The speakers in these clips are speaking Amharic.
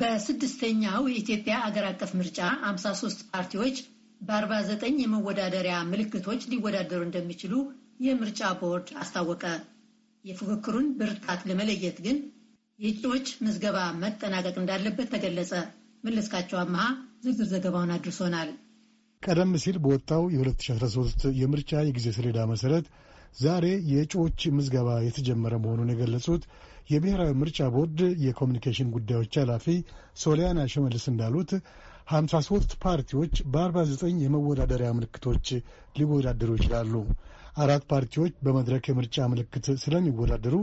በስድስተኛው የኢትዮጵያ አገር አቀፍ ምርጫ 53 ፓርቲዎች በ49 የመወዳደሪያ ምልክቶች ሊወዳደሩ እንደሚችሉ የምርጫ ቦርድ አስታወቀ። የፉክክሩን ብርታት ለመለየት ግን የእጩዎች ምዝገባ መጠናቀቅ እንዳለበት ተገለጸ። መለስካቸው አመሃ ዝርዝር ዘገባውን አድርሶናል። ቀደም ሲል በወጣው የ2013 የምርጫ የጊዜ ሰሌዳ መሰረት ዛሬ የእጩዎች ምዝገባ የተጀመረ መሆኑን የገለጹት የብሔራዊ ምርጫ ቦርድ የኮሚኒኬሽን ጉዳዮች ኃላፊ ሶሊያና ሽመልስ እንዳሉት 53 ፓርቲዎች በ49 የመወዳደሪያ ምልክቶች ሊወዳደሩ ይችላሉ። አራት ፓርቲዎች በመድረክ የምርጫ ምልክት ስለሚወዳደሩ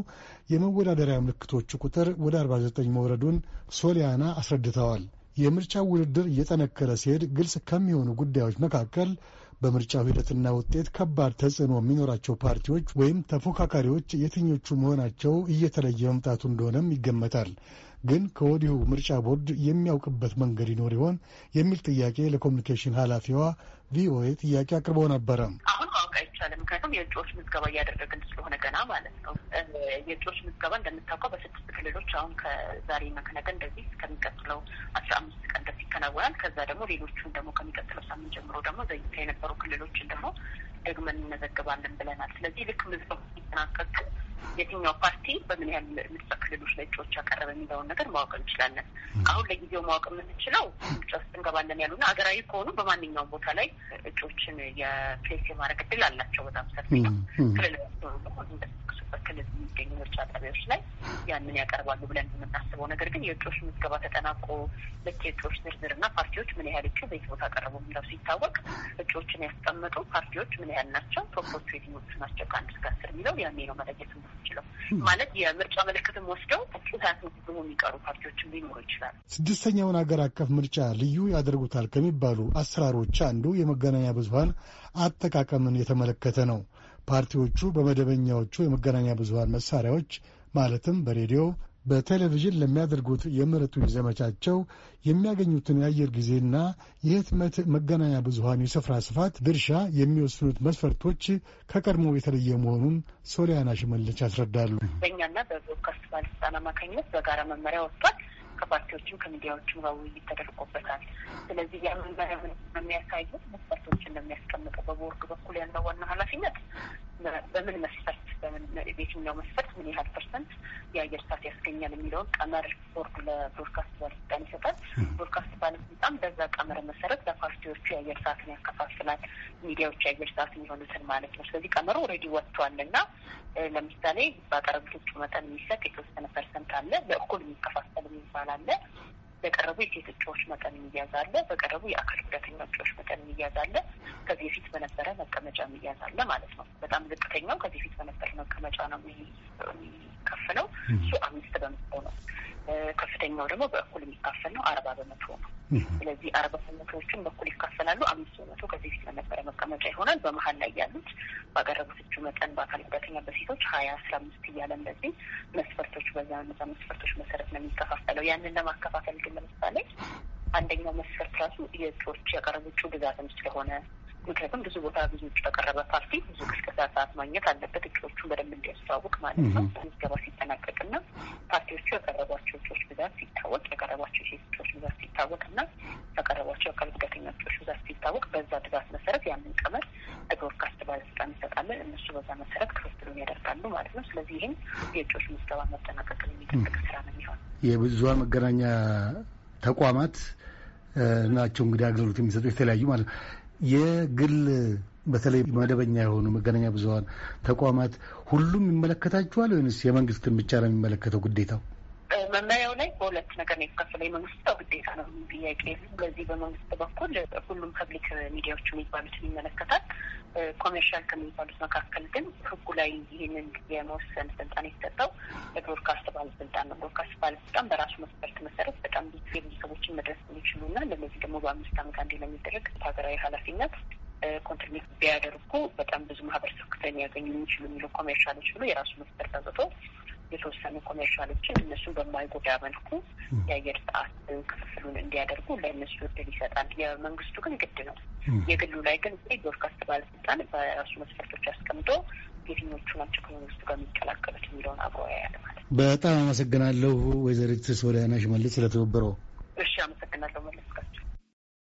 የመወዳደሪያ ምልክቶቹ ቁጥር ወደ 49 መውረዱን ሶሊያና አስረድተዋል። የምርጫ ውድድር እየጠነከረ ሲሄድ ግልጽ ከሚሆኑ ጉዳዮች መካከል በምርጫው ሂደትና ውጤት ከባድ ተጽዕኖ የሚኖራቸው ፓርቲዎች ወይም ተፎካካሪዎች የትኞቹ መሆናቸው እየተለየ መምጣቱ እንደሆነም ይገመታል። ግን ከወዲሁ ምርጫ ቦርድ የሚያውቅበት መንገድ ይኖር ይሆን የሚል ጥያቄ ለኮሚኒኬሽን ኃላፊዋ ቪኦኤ ጥያቄ አቅርቦ ነበረ። ስላልተቻለ ምክንያቱም የእጩዎች ምዝገባ እያደረግን ስለሆነ ገና ማለት ነው። የእጩዎች ምዝገባ እንደምታውቀው በስድስት ክልሎች አሁን ከዛሬ መክነገ እንደዚህ እስከሚቀጥለው አስራ አምስት ቀን ደስ ይከናወናል። ከዛ ደግሞ ሌሎቹን ደግሞ ከሚቀጥለው ሳምንት ጀምሮ ደግሞ ዘይታ የነበሩ ክልሎችን ደግሞ ደግመን እንመዘግባለን ብለናል። ስለዚህ ልክ ምዝገባ ሲጠናቀቅ የትኛው ፓርቲ በምን ያህል ምርጫ ክልሎች ላይ ያቀረበ የሚለውን ነገር ማወቅ እንችላለን። አሁን ለጊዜው ማወቅ የምንችለው ምርጫ ውስጥ እንገባለን ያሉና አገራዊ ከሆኑ በማንኛውም ቦታ ላይ እጩዎችን የፕሌስ የማድረግ እድል አላቸው። በጣም ሰፊ ነው። ክልል ሆኑ ክልል የሚገኙ መዳረሻ ጣቢያዎች ላይ ያንን ያቀርባሉ ብለን የምናስበው። ነገር ግን የእጩዎች ምዝገባ ተጠናቆ ልክ የእጩዎች ዝርዝር እና ፓርቲዎች ምን ያህል እጩ በየት ቦታ ቀረቡ የሚለው ሲታወቅ እጩዎችን ያስቀመጡ ፓርቲዎች ምን ያህል ናቸው፣ ቶፖቹ የትኞቹ ናቸው ከአንድ እስከ አስር የሚለው ያኔ ነው መለየት የምንችለው። ማለት የምርጫ ምልክትም ወስደው እጩ ሳያስመዘግቡ የሚቀሩ ፓርቲዎችም ሊኖሩ ይችላል። ስድስተኛውን ሀገር አቀፍ ምርጫ ልዩ ያደርጉታል ከሚባሉ አሰራሮች አንዱ የመገናኛ ብዙሀን አጠቃቀምን የተመለከተ ነው። ፓርቲዎቹ በመደበኛዎቹ የመገናኛ ብዙሃን መሳሪያዎች ማለትም በሬዲዮ፣ በቴሌቪዥን ለሚያደርጉት የምረጡኝ ዘመቻቸው የሚያገኙትን የአየር ጊዜና የህትመት መገናኛ ብዙሃን የስፍራ ስፋት ድርሻ የሚወስኑት መስፈርቶች ከቀድሞ የተለየ መሆኑን ሶሊያና ሽመልች ያስረዳሉ። በእኛና በብሮድካስት ባለስልጣን አማካኝነት በጋራ መመሪያ ወጥቷል። ከፓርቲዎችም ከሚዲያዎችም ጋር ውይይት ተደርጎበታል። ስለዚህ ያ መመሪያ በሚያሳዩ መስፈርቶች እንደሚያስቀምጠው በኩል ያለው ዋና ኃላፊነት በምን መስፈርት በየትኛው መስፈርት ምን ያህል ፐርሰንት የአየር ሰዓት ያስገኛል የሚለውን ቀመር ቦርድ ለብሮድካስት ባለስልጣን ይሰጣል። ብሮድካስት ባለስልጣን በዛ ቀመር መሰረት ለፓርቲዎቹ የአየር ሰዓትን ያከፋፍላል። ሚዲያዎች የአየር ሰዓት የሚሆኑትን ማለት ነው። ስለዚህ ቀመሩ ኦልሬዲ ወጥቷል እና ለምሳሌ በአቀረብቶቹ መጠን የሚሰጥ የተወሰነ ፐርሰንት አለ ለእኩል የሚከፋፍል የሚባል አለ። በቀረቡ የሴት እጩዎች መጠን የሚያዝ አለ። በቀረቡ የአካል ጉዳተኛ እጩዎች መጠን የሚያዝ አለ። ከዚህ በፊት በነበረ መቀመጫ የሚያዝ አለ ማለት ነው። በጣም ዝቅተኛው ከዚህ በፊት በነበረ መቀመጫ ነው የሚከፍለው፣ እሱ አምስት በመቶ ነው። ከፍተኛው ደግሞ በእኩል የሚካፈል ነው፣ አርባ በመቶ ነው። ስለዚህ አርባ በመቶዎቹም በኩል ይካፈላሉ። አምስት በመቶ ከዚህ በፊት በነበረ መቀመጫ ይሆናል። በመሀል ላይ ያሉት ባቀረቡት እጩ መጠን በአካል ጉዳተኛ በሴቶች ሀያ አስራ አምስት እያለ እንደዚህ መስፈር በዛ በነዛ መስፈርቶች መሰረት ነው የሚከፋፈለው። ያንን ለማከፋፈል ግን ለምሳሌ አንደኛው መስፈርት ራሱ የእጩዎች ያቀረበችው ብዛትም ስለሆነ ምክንያቱም ብዙ ቦታ ብዙ እጩ ያቀረበ ፓርቲ ብዙ ቅስቀሳ ሰዓት ማግኘት አለበት፣ እጩዎቹን በደንብ እንዲያስተዋውቅ ማለት ነው። ምዝገባ ሲጠናቀቅና ፓርቲዎቹ ያቀረቧቸው እጩዎች ብዛት ሲታወቅ፣ ያቀረቧቸው ሴት እጩዎች ብዛት ሲታወቅ እና ያቀረቧቸው አካል ጉዳተኛ እጩዎች ብዛት ሲታወቅ፣ በዛ ብዛት መሰረት ያንን ቀመር በብሮድካስት ባለስልጣን ይሰጣለን። እነሱ በዛ መሰረት ክፍፍሉን ያደርጋሉ ማለት ነው። ስለዚህ ይህም የእጩዎች ምዝገባ መጠናቀቅን የሚጠብቅ ስራ ነው የሚሆን። የብዙሀን መገናኛ ተቋማት ናቸው እንግዲህ አገልግሎት የሚሰጡ የተለያዩ ማለት ነው። የግል በተለይ መደበኛ የሆኑ መገናኛ ብዙሀን ተቋማት ሁሉም ይመለከታችኋል ወይንስ የመንግስትን ብቻ ነው የሚመለከተው ግዴታው? መመሪያ ነገር ነው የተከፈለ የመንግስት ያው ግዴታ ነው ጥያቄ። በዚህ በመንግስት በኩል ሁሉም ፐብሊክ ሚዲያዎች የሚባሉትን ይመለከታል። ኮሜርሻል ከሚባሉት መካከል ግን ህጉ ላይ ይህንን የመወሰን ስልጣን የተሰጠው ለብሮድካስት ባለስልጣን ነው። ብሮድካስት ባለስልጣን በራሱ መስፈርት መሰረት በጣም ብዙ የቤተሰቦችን መድረስ የሚችሉ የሚችሉና ለነዚህ ደግሞ በአምስት አመት አንዴ ለሚደረግ ሀገራዊ ሀላፊነት ኮንትሪቢዩት ቢያደርጉ በጣም ብዙ ማህበረሰብ ክፍል የሚያገኙ የሚችሉ የሚለው ኮሜርሻሎች ብሎ የራሱ መስፈርት አዘቶ የተወሰኑ ኮሜርሻሎችን እነሱን በማይጎዳ መልኩ የአየር ሰዓት ክፍፍሉን እንዲያደርጉ ለእነሱ እድል ይሰጣል። የመንግስቱ ግን ግድ ነው። የግሉ ላይ ግን የብሮድካስት ባለስልጣን በራሱ መስፈርቶች አስቀምጦ የትኞቹ ናቸው ከመንግስቱ ጋር የሚቀላቀሉት የሚለውን አብሮ ያያል ማለት ነው። በጣም አመሰግናለሁ ወይዘሪት ሶሊያና ሽመልስ ስለተወበረው። እሺ አመሰግናለሁ መለስ